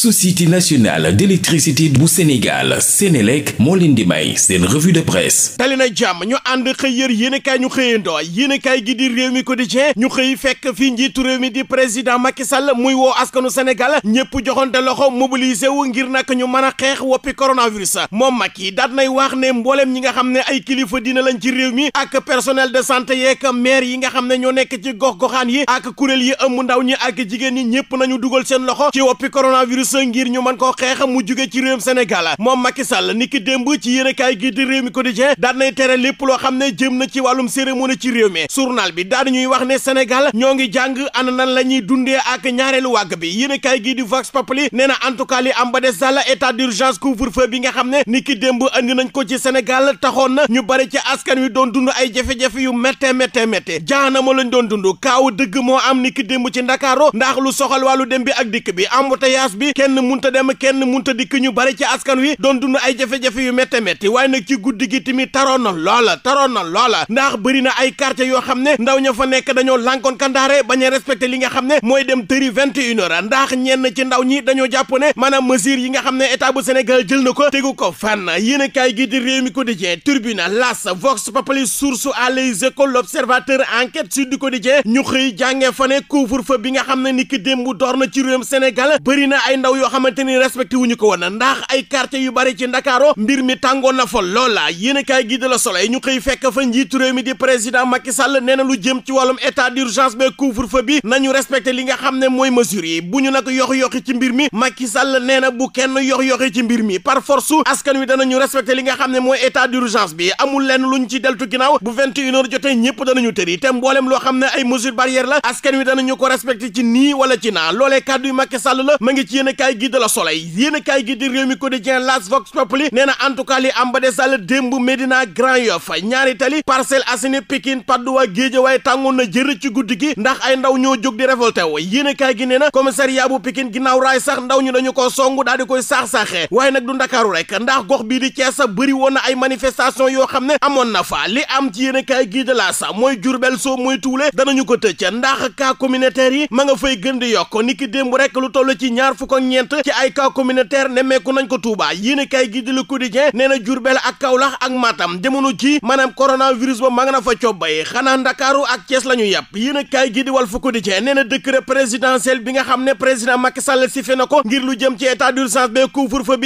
société nationale d'électricité bu Sénégal Sénélec moo leen di may seen revue de presse tali na jàmm ñu ànd xëy yër yéenekaay ñu xëyandoo yéenekaay gi di réew mi quotidien ñu xëy fekk fii njiitu réew mi di président Macky Sall muy woo askanu Sénégal ñëpp joxante loxo mobilisé wu ngir nak ñu mën a xeex woppi coronavirus moom yi daat nay wax ne mbooleem ñi nga xam ne ay kilifa dina lañ ci réew mi ak personnel de santé yeeg maire yi nga xam ne ñoo nekk ci gox goxaan yi ak kuréel yi ëmb ndaw ñi ak jigéen ñi ñëpp nañu dugal seen loxo ci woppi course ngir ñu man koo xeex mu jóge ci réewum Sénégal moom Macky Sall ni ki démb ci yéenekaay gi di réew mi quotidien daan nay tere lépp loo xam ne jëm na ci wàllum cérémonie ci réew mi journal bi daan ñuy wax ne Sénégal ñoo ngi jàng ana nan la ñuy dundee ak ñaareelu wàgg bi yéenekaay gi di Vox Populi nee na en tout cas li am ba des daal état d'urgence couvre-feu bi nga xam ne ni ki démb andi nañ ko ci Sénégal taxoon na ñu bari ci askan wi doon dund ay jafe-jafe yu métte métte métte jaanama lañ doon dund kaaw dëgg moo am ni ki démb ci Ndakaaru ndax lu soxal wàllu dem bi ak dikk bi embouteillage bi kenn munta dem kenn munta dikk ñu bari ci askan wi doon dund ay jafe-jafe yu métte métti waaye nag ci guddi gi tamit taroon na loola taroon na loola ndax bëri na ay quartier yoo xam ne ndaw ña fa nekk dañoo lànkoon kandaare bañ respecté li nga xam ne mooy dem tëri vingt et ñenn ci ndaw ñi dañoo jàpp maanaam mesures yi nga xam ne état bu Sénégal jël na ko tegu ko fànn yéen kaay gi di réew mi quotidien Tribune L'As Vox Populi Source A Les Échos L'Observateur Enquête Sud du Quotidien ñu xëy jàngee fa ne couvre-feu bi nga xam ne ni ki démb door na ci réewum Sénégal bëri na ay ndaw ndaw yoo xamante ni respecté wuñu ko woon ndax ay quartier yu bari ci mi tàngoon na fol loola yéen kaay gi de la Soleil ñu xëy fekk fa njiitu Sall nee na lu jëm ci wàllum état d'urgence ba couvre-feu bi nañu respecté li nga xam ne mooy mesures yi bu ñu nag yox-yoxi ci mbir mi Macky Sall nee na bu kenn yox-yoxi ci mbir mi par force askan wi danañu respecté li nga xam ne mooy état d'urgence bi amul lenn luñ ci deltu ginnaaw bu 21 heures jotee ñëpp danañu tëri te mboolem loo xam ne ay mesures barrières la askan wi danañu ko respecté ci nii wala ci naa loolee kàddu yu Macky Sall la ma ngi ci yéen kaay gi de la Soleil yéen a kaay gi di Rewmi Quotidien L'As Vox Populi nee na en tout cas li am ba de sàll démb Médina Grand Yoff ñaari tali Parcelles Assainies Pikine Patte d'Oie Guédiawaye tàngoon na jër ci guddi gi ndax ay ndaw ñoo jóg di révolté wu yéen a kaay gi na commissariat bu Pikine ginnaaw raay sax ndaw ñu dañu ko songu daal koy saax-saaxee waaye nag du Ndakaaru rek ndax gox bii di Thiès bëri woon na ay manifestation yoo xam ne amoon na fa li am ci yéen a kaay gi de la sa mooy Jurbel soo mooy tuule danañu ko tëcc ndax cas communautaire yi ma nga fay gën di yokk ñeent ci ay cas communautaire nemmeeku nañ ko tuuba yéen kay gi di Le Quotidien nee na Diourbel ak Kaolack ak Matam jamono ji maanaam coronavirus ba ma nga na fa cobbaye xanaa Ndakaaru ak Thiès la ñu yàpp yéen kay gi di Walf nee na décret présidentiel bi nga xam ne président Macky Sall sife ko ngir lu jëm ci état d'urgence ba couvre-feu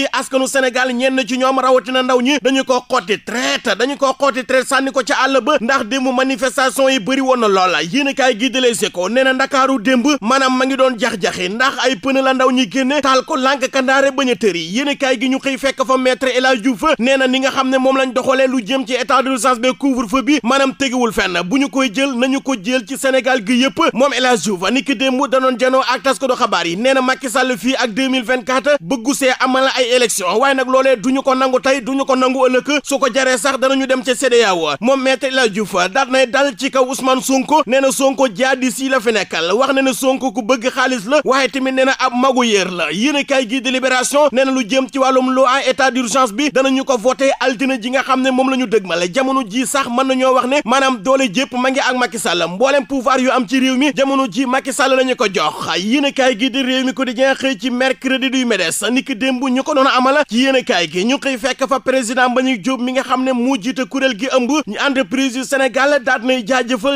Sénégal ñenn ci ñoom rawatina ndaw ñi dañu ko xotti traite dañu ko xotti sànni ko ca àll ba ndax démb manifestation yi bëri woon na loola yéen gi di Les Échos nee na Ndakaaru démb maanaam ma ngi doon jax-jaxi ndax ay pën la ndaw ñi génn génn taal ko lànk ka bañ a tër yi yéen kaay gi ñu xëy fekk fa maître El Hadji Diouf nee na ni nga xam ne moom lañ doxalee lu jëm ci état d'urgence bi couvre-feu bi maanaam tegiwul fenn bu ñu koy jël nañu ko jël ci Sénégal gi yëpp moom El Hadji Diouf ni ki démb danoon janoo ak tas ko do xabaar yi nee na Macky Sall fii ak 2024 bëggu see amal ay élection waaye nag loolee duñu ko nangu tey duñu ko nangu ëllëg su ko jaree sax danañu dem ca CEDEAO moom maître El Hadji Diouf daat nay dal ci kaw Ousmane Sonko nee na Sonko jaadis yi la fi nekkal wax ne ne Sonko ku bëgg xaalis la waaye tamit na ab magu la yéenekaay gi délibération nee na lu jëm ci wàllum loi état d'urgence bi danañu ko voté altine ji nga xam ne moom la ñu dëgmale jamono ji sax mën na ñoo wax ne maanaam doole jépp ma ngi ak Macky Sall mbooleem pouvoir yu am ci réew mi jamono ji Macky Sall la ñu ko jox yéenekaay gi di réew mi quotidien xëy ci mercredi du MEDES niki démb ñu ko doon amala ci yéenekaay gi ñu xëy fekk fa président Mbagnick Diop mi nga xam ne moo jiite kuréel gi ëmb ñu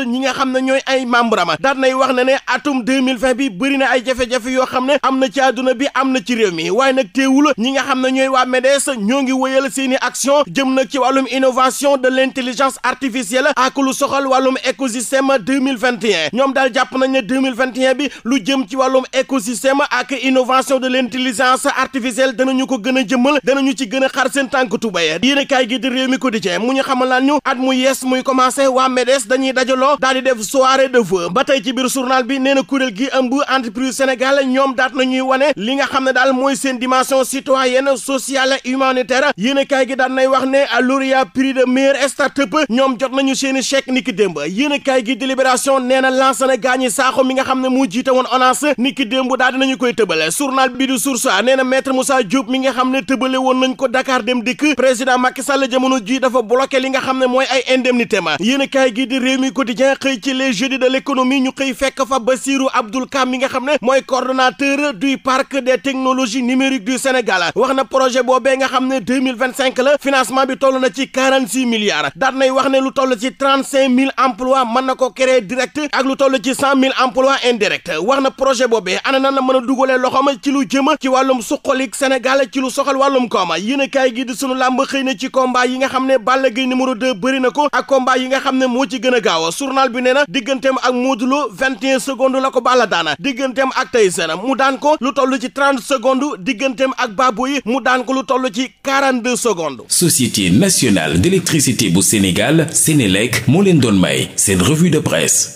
ñi nga xam ne ñooy ay membre am daat nay wax ne ne atum 2020 bi bëri na ay jafe-jafe yoo xam ne am àdduna bi am na ci réew mi waaye nag téewul ñi nga xam ne ñooy waa MEDES ñoo ngi wëyal seeni action jëm nag ci wàllum innovation de l'intelligence artificielle ak lu soxal wàllum écosystème 2021 ñoom daal jàpp nañ ne 2021 bi lu jëm ci wàllum écosystème ak innovation de l'intelligence artificielle danañu ko gën a jëmmal danañu ci gën a xar seen tànk tubaya yéen a kaay gi di réew mi quotidien mu ñu xamal laan ñu at mu yees muy commencé waa MEDES dañuy dajaloo daal di def soirée de vœux ba tey ci biir journal bi nee na kuréel gi ëmb entreprise Sénégal ñoom daat nañuy wane li nga xam ne daal mooy seen dimension citoyenne sociale et humanitaire yéen kaay gi daan nay wax ne lauréat prix de meilleure start-up ñoom jot nañu seeni chèque niki démb yéen kaay gi délibération nee na Lansana Gagny Sakho mi nga xam ne moo jiite woon ONAS niki démb daal dinañu koy tëbale journal bi du Source A nee na maître Moussa Diop mi nga xam ne tëbale woon nañ ko Dakar dem dikk président Macky Sall jamono ji dafa bloqué li nga xam ne mooy ay indemnité ma yéen kaay gi di Rewmi Quotidien ci les jeudis de l'économie ñu xëy fekk fa Bassirou Abdoul Kam mi nga xam ne mooy coordonnateur du parc des technologies numériques du Sénégal wax na projet boobee nga xam ne la financement bi toll na ci quarante six milliards daan nay wax ne lu toll ci trente cinq mille emplois mën na ko créer direct ak lu toll ci cent mille emplois indirects wax na projet boobee ana nan la mën a dugalee loxoom ci lu jëm ci wàllum suqalik Sénégal ci lu soxal wàllum kooma yéen a kaay gi di sunu làmb xëy na ci combat yi nga xam ne Balla Gaye numéro deux bëri na ko ak combat yi nga xam ne moo ci gën a gaaw journal bi nee na digganteem ak Modou Lo vingt et un secondes la ko ci 30 secondes digganteem ak Baboy mu daan ko lu toll ci 42 secondes. Société nationale d'électricité bu Sénégal Sénélec moo leen doon may seen revue de presse.